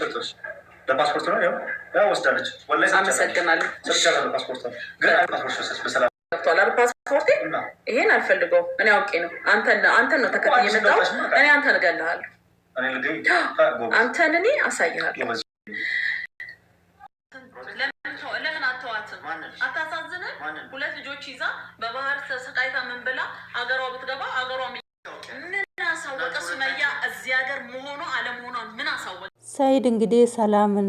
ክርስቶስ በፓስፖርት ነው ያው ወስዳለች። አመሰግናለሁ። ፓስፖርት ይሄን አልፈልገው እኔ አውቄ ነው። አንተን ነው ተከትዬ የመጣው። እኔ አንተን እገልሃለሁ። አንተን እኔ አሳይሃለሁ። አታሳዝንም? ሁለት ልጆች ይዛ በባህር ተሰቃይታ ምን ብላ አገሯ ብትገባ አገሯ ምን አሳወቀ? ሱመያ እዚህ ሀገር መሆኗ ሰይድ እንግዲህ ሰላምን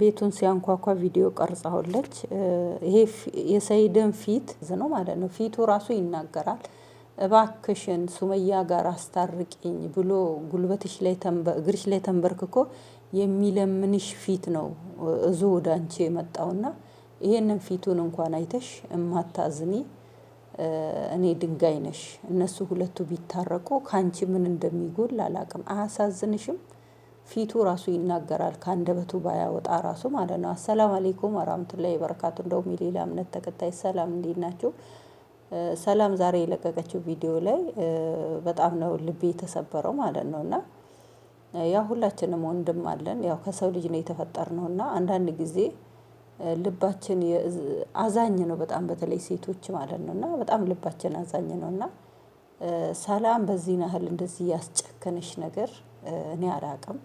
ቤቱን ሲያንኳኳ ቪዲዮ ቀርጻሁለች። ይሄ የሰይድን ፊት ነው ማለት ነው። ፊቱ ራሱ ይናገራል። እባክሽን ሱመያ ጋር አስታርቂኝ ብሎ ጉልበትሽ ላይ እግርሽ ላይ ተንበርክኮ የሚለምንሽ ፊት ነው እዙ ወደ አንቺ የመጣውና ይሄንን ፊቱን እንኳን አይተሽ እማታዝኒ እኔ ድንጋይ ነሽ። እነሱ ሁለቱ ቢታረቁ ከአንቺ ምን እንደሚጎል አላቅም። አያሳዝንሽም? ፊቱ ራሱ ይናገራል ከአንደበቱ ባያወጣ ራሱ ማለት ነው። አሰላም አሌይኩም ወራህመቱላሂ ወበረካቱ። እንደውም የሌላ እምነት ተከታይ ሰላም እንዴት ናቸው? ሰላም ዛሬ የለቀቀችው ቪዲዮ ላይ በጣም ነው ልቤ የተሰበረው ማለት ነው። እና ያው ሁላችንም ወንድም አለን ያው ከሰው ልጅ ነው ነው። እና አንዳንድ ጊዜ ልባችን አዛኝ ነው በጣም በተለይ ሴቶች ማለት ነው። እና በጣም ልባችን አዛኝ ነው እና ሰላም በዚህ ያህል እንደዚህ ያስጨከነሽ ነገር እኔ አላቅም።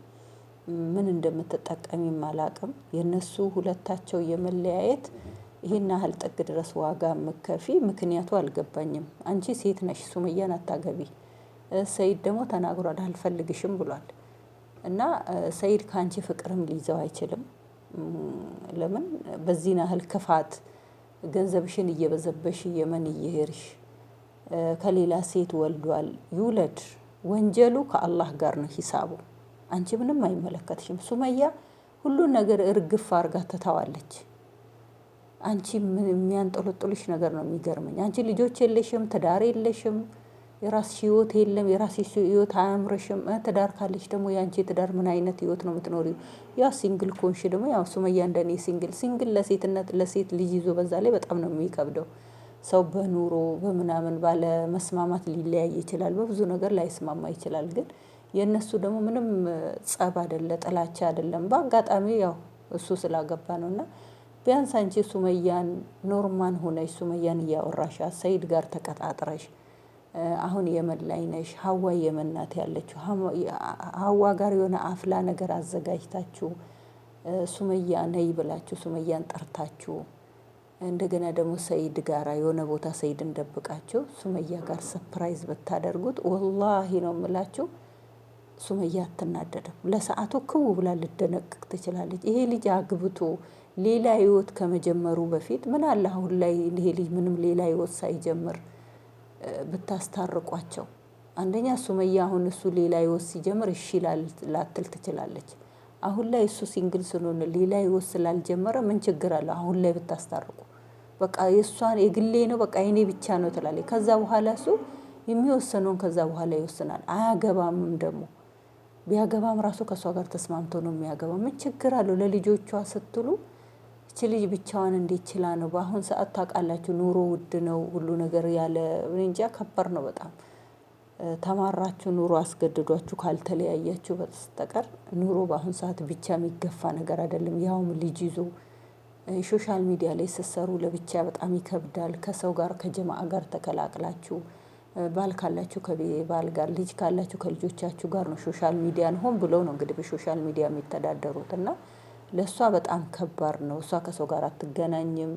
ምን እንደምትጠቀሚም አላውቅም። የእነሱ ሁለታቸው የመለያየት ይህን ያህል ጥግ ድረስ ዋጋ መክፈል ምክንያቱ አልገባኝም። አንቺ ሴት ነሽ ሱመያን አታገቢ። ሰይድ ደግሞ ተናግሯል አልፈልግሽም ብሏል። እና ሰይድ ከአንቺ ፍቅርም ሊይዘው አይችልም። ለምን በዚህ ያህል ክፋት ገንዘብሽን እየበዘበሽ የመን እየሄርሽ ከሌላ ሴት ወልዷል። ይውለድ ወንጀሉ ከአላህ ጋር ነው ሂሳቡ አንቺ ምንም አይመለከትሽም። ሱመያ ሁሉን ነገር እርግፍ አርጋ ትተዋለች። አንቺ ምን ነገር ነው የሚገርመኝ። አንቺ ልጆች የለሽም፣ ትዳር የለሽም፣ የራስሽ ህይወት የለም፣ የራስሽ ህይወት አያምረሽም። ትዳር ካለሽ ደግሞ የአንቺ ትዳር ምን አይነት ህይወት ነው የምትኖሪው? ያ ሲንግል ኮንሽ ደግሞ ያው ሱመያ እንደኔ ሲንግል ሲንግል ለሴትነት ለሴት ልጅ ይዞ በዛ ላይ በጣም ነው የሚከብደው። ሰው በኑሮ በምናምን ባለመስማማት ሊለያይ ይችላል፣ በብዙ ነገር ላይስማማ ይችላል ግን የእነሱ ደግሞ ምንም ጸብ አደለ፣ ጥላቻ አይደለም። በአጋጣሚ ያው እሱ ስላገባ ነው። እና ቢያንስ አንቺ ሱመያን ኖርማን ሆነሽ ሱመያን እያወራሻት ሰይድ ጋር ተቀጣጥረሽ አሁን የመን ላይ ነሽ። ሀዋ የመን ናት ያለችው። ሀዋ ጋር የሆነ አፍላ ነገር አዘጋጅታችሁ ሱመያ ነይ ብላችሁ ሱመያን ጠርታችሁ እንደገና ደግሞ ሰይድ ጋራ የሆነ ቦታ ሰይድን ደብቃችሁ ሱመያ ጋር ሰፕራይዝ ብታደርጉት ወላሂ ነው የምላችሁ። ሱመያ አትናደድም። ለሰዓቱ ክው ብላ ልደነቅቅ ትችላለች። ይሄ ልጅ አግብቶ ሌላ ህይወት ከመጀመሩ በፊት ምን አለ አሁን ላይ ይሄ ልጅ ምንም ሌላ ህይወት ሳይጀምር ብታስታርቋቸው። አንደኛ ሱመያ አሁን እሱ ሌላ ህይወት ሲጀምር እሺ ላትል ትችላለች። አሁን ላይ እሱ ሲንግል ስለሆነ ሌላ ህይወት ስላልጀመረ ምን ችግር አለ አሁን ላይ ብታስታርቁ። በቃ የእሷን የግሌ ነው በቃ የኔ ብቻ ነው ትላለች። ከዛ በኋላ እሱ የሚወሰነውን ከዛ በኋላ ይወስናል። አያገባምም ደግሞ ቢያገባም ራሱ ከእሷ ጋር ተስማምቶ ነው የሚያገባው። ምን ችግር አለው? ለልጆቿ ስትሉ እች ልጅ ብቻዋን እንዴት ችላ ነው? በአሁን ሰዓት ታውቃላችሁ፣ ኑሮ ውድ ነው፣ ሁሉ ነገር ያለ እንጃ ከባድ ነው በጣም ተማራችሁ ኑሮ አስገድዷችሁ ካልተለያያችሁ በስተቀር ኑሮ በአሁን ሰዓት ብቻ የሚገፋ ነገር አይደለም። ያውም ልጅ ይዞ ሶሻል ሚዲያ ላይ ስትሰሩ ለብቻ በጣም ይከብዳል። ከሰው ጋር ከጀማአ ጋር ተቀላቅላችሁ ባል ካላችሁ ከባል ጋር ልጅ ካላችሁ ከልጆቻችሁ ጋር ነው ሶሻል ሚዲያን ሆን ብለው ነው እንግዲህ በሶሻል ሚዲያ የሚተዳደሩት እና ለእሷ በጣም ከባድ ነው። እሷ ከሰው ጋር አትገናኝም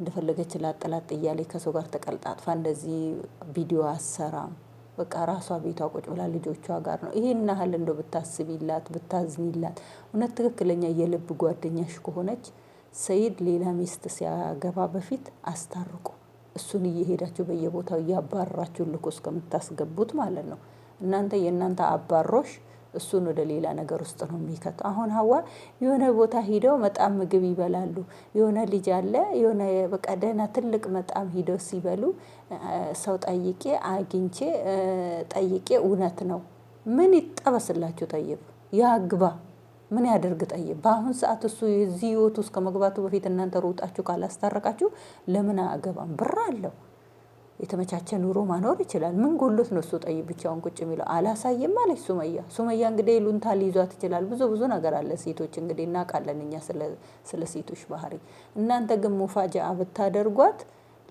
እንደፈለገች ላጠላጥ እያለች ከሰው ጋር ተቀልጣጥፋ እንደዚህ ቪዲዮ አሰራም በቃ ራሷ ቤቷ ቁጭ ብላ ልጆቿ ጋር ነው ይሄን ያህል እንደው ብታስቢላት ብታዝኒላት እውነት ትክክለኛ የልብ ጓደኛሽ ከሆነች ሰይድ ሌላ ሚስት ሲያገባ በፊት አስታርቁ እሱን እየሄዳችሁ በየቦታው እያባረራችሁ ልኮ እስከምታስገቡት ማለት ነው። እናንተ የእናንተ አባሮሽ እሱን ወደ ሌላ ነገር ውስጥ ነው የሚከት። አሁን ሀዋ የሆነ ቦታ ሂደው መጣም ምግብ ይበላሉ። የሆነ ልጅ አለ የሆነ በቃ ደህና ትልቅ መጣም ሂደው ሲበሉ ሰው ጠይቄ አግኝቼ ጠይቄ እውነት ነው ምን ይጠበስላችሁ ጠይቁ ያግባ ምን ያደርግ ጠይ በአሁን ሰዓት እሱ የዚህ ህይወት ውስጥ ከመግባቱ በፊት እናንተ ሮጣችሁ ካላስታረቃችሁ ለምን አገባም? ብር አለው የተመቻቸ ኑሮ ማኖር ይችላል። ምን ጎሎት ነው እሱ ጠይ ብቻውን ቁጭ የሚለው? አላሳየም አለች ሱመያ። ሱመያ እንግዲህ ሉንታ ሊይዟት ይችላል። ብዙ ብዙ ነገር አለ። ሴቶች እንግዲህ እናውቃለን እኛ ስለ ሴቶች ባህሪ። እናንተ ግን ሙፋጃ ብታደርጓት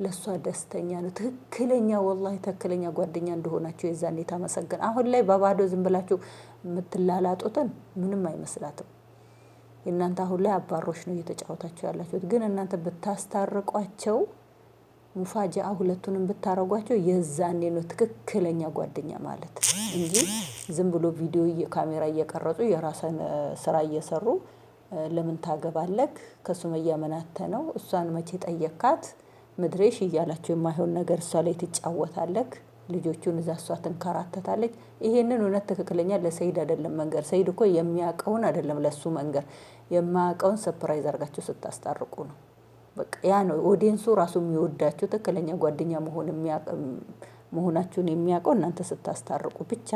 ለእሷ ደስተኛ ነው። ትክክለኛ ወላሂ ትክክለኛ ጓደኛ እንደሆናቸው የዛኔ ታመሰግን። አሁን ላይ በባዶ ዝም ብላችሁ የምትላላጡትን ምንም አይመስላትም። የእናንተ አሁን ላይ አባሮች ነው እየተጫወታቸው ያላችሁት። ግን እናንተ ብታስታርቋቸው ሙፋጃ ሁለቱንም ብታረጓቸው የዛኔ ነው ትክክለኛ ጓደኛ ማለት እንጂ ዝም ብሎ ቪዲዮ ካሜራ እየቀረጹ የራስን ስራ እየሰሩ ለምን ታገባለክ ከሱመያ መናተ ነው እሷን መቼ ጠየካት? ምድሬሽ እያላቸው የማይሆን ነገር እሷ ላይ ትጫወታለክ። ልጆቹን እዛ እሷ ትንከራተታለች። ይሄንን እውነት ትክክለኛ ለሰይድ አይደለም መንገር። ሰይድ እኮ የሚያውቀውን አይደለም ለሱ መንገር፣ የማያውቀውን ሰፕራይዝ አርጋቸው ስታስታርቁ ነው። በቃ ያ ነው ኦዲየንሱ ራሱ የሚወዳቸው ትክክለኛ ጓደኛ መሆን መሆናችሁን የሚያውቀው እናንተ ስታስታርቁ ብቻ